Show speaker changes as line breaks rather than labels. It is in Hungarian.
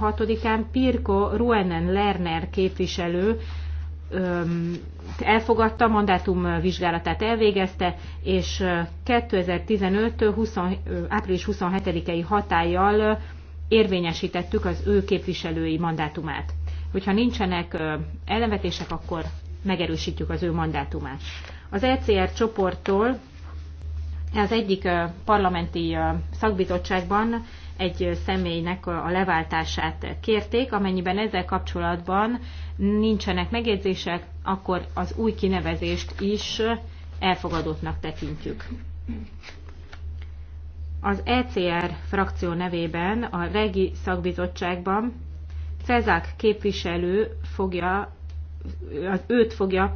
6-án Pirko Ruenen Lerner képviselő elfogadta, mandátum vizsgálatát elvégezte, és 2015. 20, április 27-i hatállyal érvényesítettük az ő képviselői mandátumát. Hogyha nincsenek ellenvetések, akkor megerősítjük az ő mandátumát. Az ECR csoporttól az egyik parlamenti szakbizottságban egy személynek a leváltását kérték, amennyiben ezzel kapcsolatban nincsenek megjegyzések, akkor az új kinevezést is elfogadottnak tekintjük. Az ECR frakció nevében a Regi szakbizottságban Cezák képviselő fogja, az őt fogja